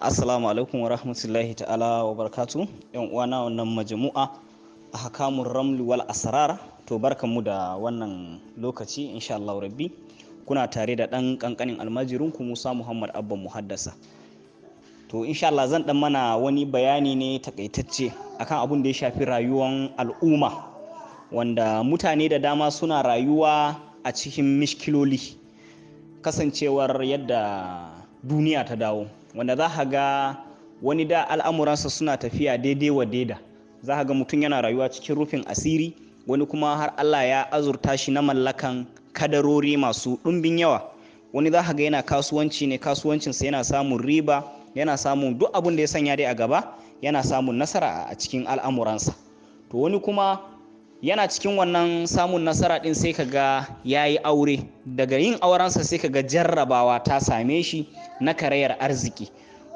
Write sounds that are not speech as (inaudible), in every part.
assalamu alaikum wa rahmatullahi ta'ala wa barkatu yan uwana wannan majamu'a a hakamun ramli wal asrar to barkanmu da wannan lokaci insha Allah rabbi kuna tare da dan kankanin almajirin ku Musa Muhammad Abba Muhaddasa to insha Allah zan dan mana wani bayani ne takaitacce akan abun da ya shafi rayuwar al'umma wanda mutane da dama suna rayuwa a cikin mishkiloli kasancewar yadda duniya ta dawo wanda za ka ga wani da al'amuransa suna tafiya daidai wa daida za ka ga mutum yana rayuwa cikin rufin asiri wani kuma har allah ya azurta shi na mallakan kadarori masu ɗumbin yawa wani za ka ga yana kasuwanci ne kasuwancinsa yana samun riba yana samun duk abin da ya sanya dai a gaba yana samun nasara a cikin al'amuransa to wani kuma yana cikin wannan samun nasara ɗin sai ka ga ya yi aure daga yin aurensa sai ka ga jarrabawa ta same shi na karayar arziki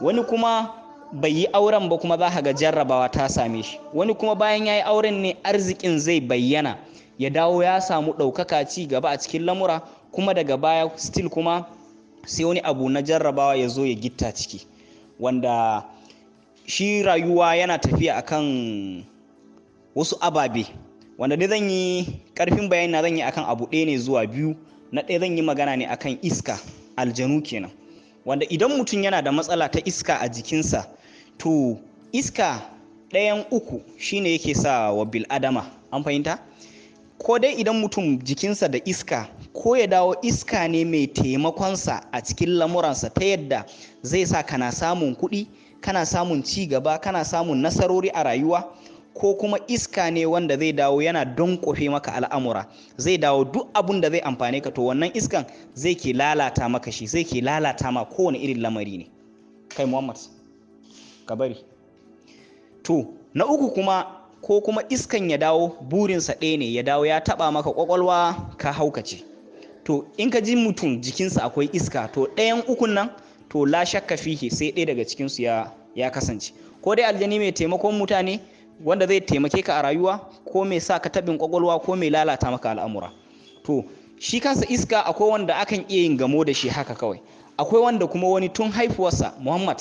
wani kuma bai yi auren ba kuma za ka ga jarrabawa ta same shi wani kuma bayan ya yi auren ne arzikin zai bayyana ya dawo ya samu ɗaukaka ci gaba a cikin lamura kuma daga baya still kuma sai wani abu na jarrabawa ya zo ya gitta ciki wanda shi rayuwa yana tafiya akan wasu ababe wanda dai zan yi karfin bayani na zan yi akan abu ɗaya ne zuwa biyu na ɗaya zan yi magana ne akan iska aljanu kenan wanda idan mutum yana da matsala ta iska a jikinsa to iska ɗayan uku shine yake sa wa bil adama an fahimta ko dai idan mutum jikinsa da iska ko ya dawo iska ne mai taimakonsa a cikin lamuransa ta yadda zai sa kana samun kuɗi kana samun ci gaba kana samun nasarori a rayuwa ko kuma iska ne wanda zai dawo yana don kofi maka al'amura zai dawo duk abun da zai amfani ka to wannan iskan zai ke lalata maka shi zai ke lalata ma kowane irin lamari ne kai muhammad ka bari to na uku kuma ko kuma iskan ya dawo burinsa ɗaya ne ya dawo ya taɓa maka kwakwalwa ka haukace to in ka ji mutum jikinsa akwai iska to ɗayan ukun nan to la shakka fihi sai ɗaya daga cikinsu ya ya kasance ko dai aljani mai taimakon mutane wanda zai taimake ka a rayuwa ko mai sa ka tabin kwakwalwa ko mai lalata maka al'amura to shi kansa iska akwai wanda akan iya yin gamo da shi haka kawai akwai wanda kuma wani tun haifuwarsa muhammad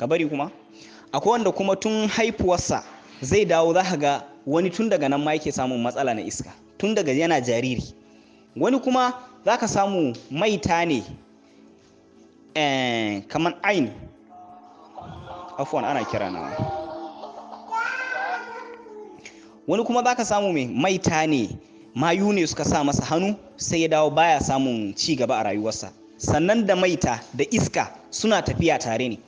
ka bari kuma akwai wanda kuma tun haifuwarsa zai dawo za ga wani tun daga nan ma yake samun matsala na iska tun daga yana jariri wani kuma za ka samu maita ne eh, kamar ain afuwan ana kira na wani kuma zaka samu mai maita ne mayu ne suka sa masa hannu sai ya dawo baya samun ci gaba a rayuwarsa sannan da maita da iska suna tafiya tare ne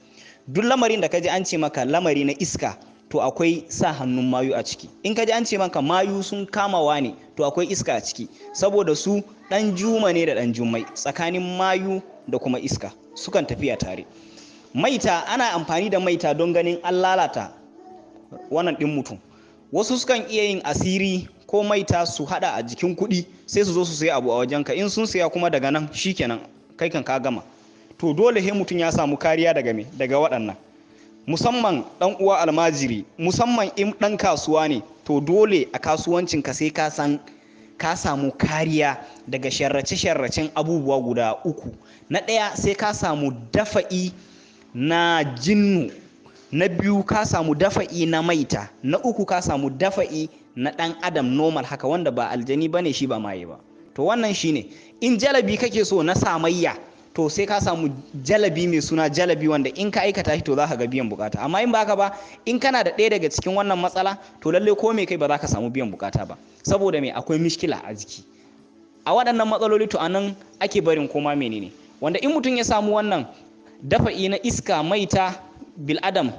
duk lamarin da kaji an ce maka lamari na iska to akwai sa hannun mayu a ciki in kaji an ce maka mayu sun kamawa ne to akwai iska a ciki saboda su dan juma ne da dan jummai tsakanin mayu da kuma iska sukan tafiya tare maita ana amfani da maita don ganin an lalata wannan din mutum wasu sukan iya yin asiri ko maita su hada a jikin kuɗi sai su zo su sayi abu a wajenka in sun saya kuma daga nan shikenan kai kan ka gama to dole he mutum ya samu kariya daga me daga waɗannan musamman ɗan uwa almajiri musamman in ɗan kasuwa ne to dole a kasuwancin ka sai ka san ka samu kariya daga sharrace-sharracen abubuwa guda uku na ɗaya sai ka samu dafa'i na jinnu na biyu ka samu dafa'i na maita na uku ka samu dafa'i na ɗan adam normal haka wanda ba aljani ba ne shi ba maye ba to wannan shine in jalabi kake so na samayya to sai ka samu jalabi mai suna jalabi wanda in ka aikata shi to za ka ga biyan bukata amma in baka ba in kana da ɗaya daga cikin wannan matsala to lallai ko me kai ba za ka samu biyan bukata ba saboda mai akwai mishkila a jiki a waɗannan matsaloli to anan ake barin koma menene wanda in mutum ya samu wannan dafa'i na iska maita bil'adam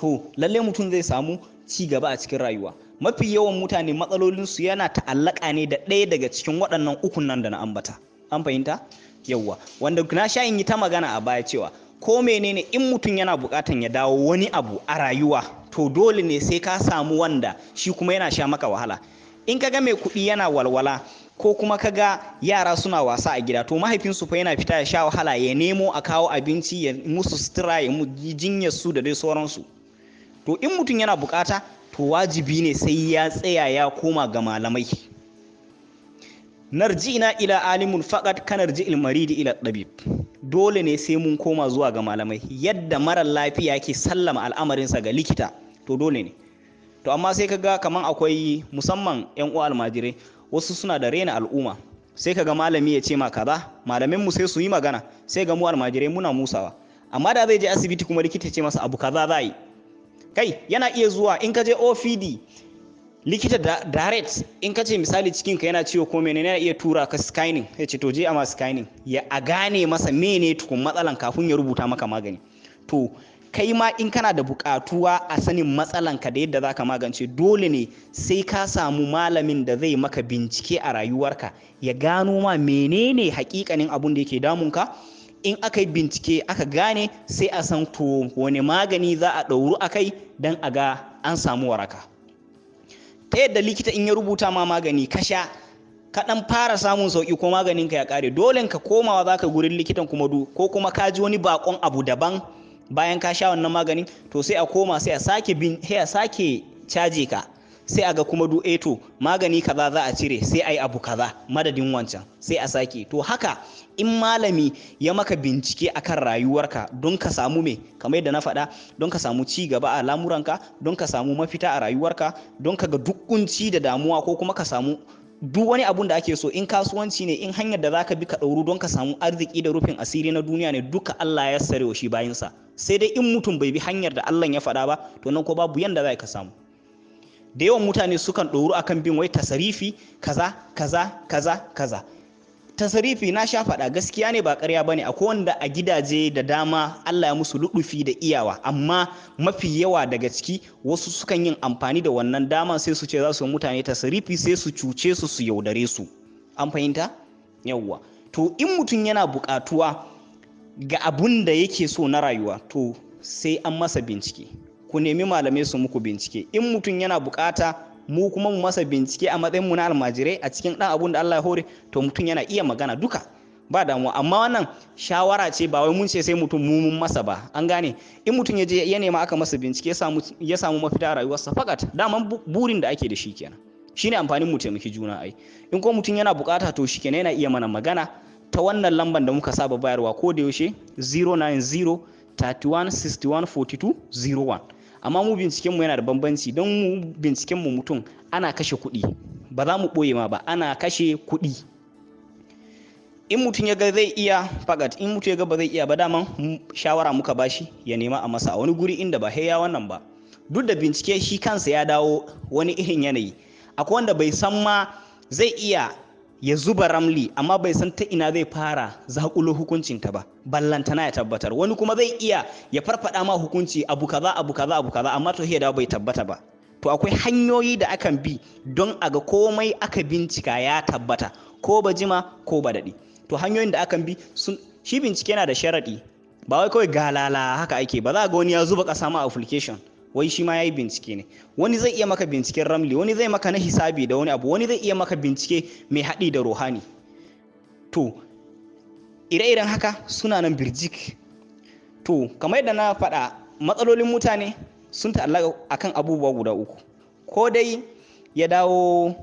to lalle mutum zai samu ci gaba a cikin rayuwa mafi yawan mutane matsalolinsu yana ta'allaka ne da ɗaya daga cikin waɗannan ukun nan da na ambata an fahimta yawwa wanda na sha in yi ta magana a baya cewa ko menene in mutum yana buƙatan ya dawo wani abu a rayuwa to dole ne sai ka samu wanda shi kuma yana sha maka wahala in ka ga mai kuɗi yana walwala ko kuma ka ga yara suna wasa a gida to mahaifinsu fa yana fita ya sha wahala ya nemo a kawo abinci ya musu sutura ya jinyar su da dai sauransu to in mutum yana bukata to wajibi ne sai ya tsaya ya koma ga malamai ina ila alimun faqat kanarji ilmaridi ila dabib dole ne sai mun koma zuwa ga malamai yadda mara lafiya ke sallama al'amarinsa ga likita to dole ne to amma sai kaga kaman akwai musamman yan uwa almajirai wasu suna da raina al'umma sai kaga malami ya ce ma kaza malamin mu sai su yi magana sai ga mu almajirai muna musawa amma da zai je asibiti kuma likita ce masa abu kaza za yi kai yana iya zuwa in ka je OPD likita direct in ka ce misali cikin ka yana ciwo ko menene yana iya tura ka scanning ya ce to je a masu scanning ya a gane masa mene tukun matsalan kafin ya rubuta maka magani to kai ma in kana da bukatuwa a sanin matsalan ka da yadda za ka magance dole ne sai ka samu malamin da zai maka bincike a rayuwarka ya gano ma menene hakikanin abun da yake damunka in aka yi bincike aka gane sai a san to wani magani za a ɗauru a kai don a ga an samu waraka ta yadda likita in ya rubuta ma magani ka sha ka fara samun sauƙi ko maganin ka ya ƙare dole ka komawa za ka gurin likitan kuma du ko kuma ka ji wani bakon abu daban bayan ka sha wannan maganin to sai a koma sai a sake bin sake caje ka sai a ga kuma du eto eh magani kaza za a cire sai a yi abu kaza madadin wancan sai a sake to haka in malami ya maka bincike akan rayuwarka don ka samu me kamar yadda na faɗa don ka samu ci gaba a lamuranka don ka samu mafita a rayuwarka don ka ga dukkunci da damuwa ko kuma ka samu duk wani abun da ake so in kasuwanci ne in hanyar da za ka bi ka ɗauru don ka samu arziki da rufin asiri na duniya ne duka Allah ya sarewa shi bayinsa sai dai in mutum bai bi hanyar da Allah ya faɗa ba to nan ko babu yanda za ka samu da yawan mutane sukan ɗoru akan bin wai tasarifi kaza kaza kaza kaza tasarifi na sha faɗa gaskiya ne ba ƙarya ne. akwai wanda a gidaje da dama Allah ya musu luɗufi da iyawa amma mafi yawa daga ciki wasu sukan yin amfani da wannan dama sai su ce za su mutane tasarifi sai su cuce su su yaudare su an fahimta yawwa to in mutum yana buƙatuwa ga abun da yake so na rayuwa to sai an masa bincike ku nemi malamai su muku bincike in mutum yana bukata mu kuma mu masa bincike a matsayin mu na almajirai a cikin dan abun da Allah ya hore to mutum yana iya magana duka ba da mu amma wannan shawara ce ba wai mun ce sai mutum mu mun masa ba an gane in mutum ya je ya nema aka masa bincike ya samu mafita a rayuwarsa fakat daman burin da ake da shi kenan shine amfanin mu taimaki juna ai in ko mutum yana bukata to shi kenan yana iya mana magana ta wannan lambar da muka saba bayarwa ko da yaushe 090 31 61 42 01 amma mu binciken mu yana da bambanci don mu binciken mu mutum ana kashe kuɗi ba za mu ɓoye ma ba ana kashe kuɗi in mutum ya ga zai iya fakat in mutum ya ga ba zai iya ba dama shawara muka bashi ya nema a masa a wani guri inda ba ya wannan ba duk da bincike shi kansa ya dawo wani irin yanayi akwai wanda bai san ma zai iya ya zuba ramli amma bai san ta ina zai fara zaƙulo hukuncin ta ba ballantana ya tabbatar wani kuma zai iya ya farfada ma hukunci abu kaza abu kaza abu kaza amma to da bai tabbata ba to akwai hanyoyi da akan bi don a ga komai aka bincika ya tabbata ko ba jima ko ba daɗi to hanyoyin da akan bi sun shi bincike yana da sharaɗi ba wai kawai galala haka ake ba za a ga wani ya zuba kasa ma application wai shi ma ya yi bincike ne wani zai iya maka binciken ramli wani zai maka na hisabi da wani abu wani zai iya maka bincike mai haɗi da ruhani to ire-iren haka suna nan birjik to kamar yadda na faɗa matsalolin mutane sun ta'allaka akan abubuwa guda uku ko dai ya dawo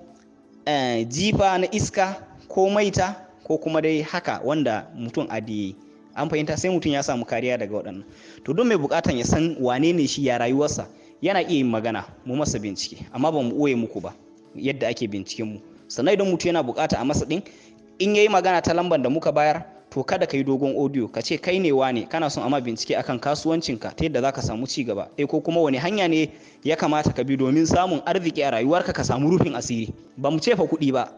eh, jifa na iska ko maita ko kuma dai haka wanda mutum adi an fahimta sai mutum ya samu kariya daga waɗannan to don mai bukatan ya san wane ne shi ya rayuwarsa yana iya yin magana mu masa bincike amma ba mu ɓoye muku ba yadda ake binciken mu sannan idan mutum yana bukata a masa ɗin in yayi magana ta lambar da muka bayar to kada ka yi dogon audio ka ce kai ne wane kana son ama bincike akan kasuwancinka ta yadda zaka samu ci gaba eh ko kuma wani hanya ne ya kamata ka bi domin samun arziki a rayuwarka ka samu rufin asiri ba mu cefa kuɗi ba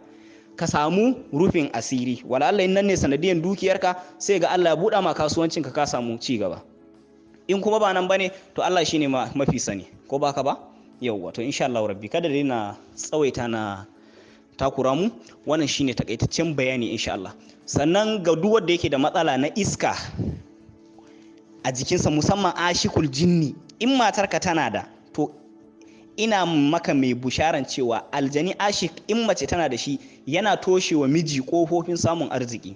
ka samu rufin asiri wala Allah in nan ne sanadiyan dukiyarka sai ga Allah ya buɗa ma kasuwancin ka ka samu ci gaba in kuma ba nan bane to Allah shine mafi sani ko baka ba yauwa to insha Allah rabbi kada dai na tsawaita na takura mu wannan shine takaitaccen bayani insha Allah sannan ga duk wanda yake da matsala na iska a jikinsa musamman ashikul jinni in matarka tana da ina maka mai busharan cewa aljani ashik in mace tana da shi yana toshe wa miji kofofin samun arziki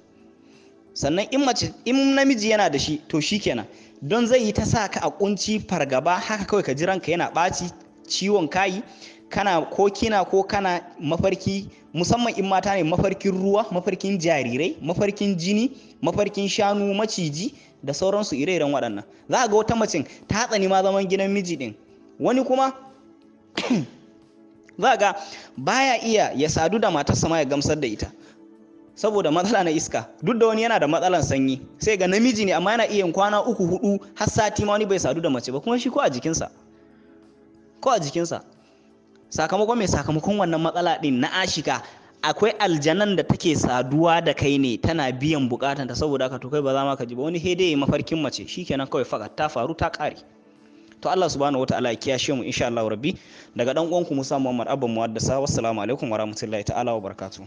sannan in mace in namiji yana da shi to shi kenan, don zai yi ta sa ka a kunci fargaba haka kawai ka jiran ka yana ɓaci ciwon kayi kana ko kina ko kana mafarki musamman in mata ne mafarkin ruwa mafarkin jarirai mafarkin jini mafarkin shanu maciji da sauransu ire-iren waɗannan za a ga wata macin ta tsani ma zaman gidan miji ɗin wani kuma (coughs) za ga baya iya ya sadu da matarsa ma ya gamsar da ita saboda matsala na iska duk da wani yana da matsalan sanyi sai ga namiji ne amma yana iya kwana uku hudu har sati ma wani bai sadu da mace ba kuma shi ko a jikinsa ko a jikinsa sakamakon mai sakamakon wannan matsala din na ashika akwai aljanan da take saduwa da kai ne tana biyan bukatanta saboda haka to kai ba za ma ka ji ba wani hede mafarkin mace shikenan kawai faka ta faru ta kare to Allah subhanahu wataala ya kiyashe mu insha Allah rabbi daga dan uwanku Musa Muhammad Abba Muwaddasa wassalamu alaikum rahmatullahi ta'ala barkatu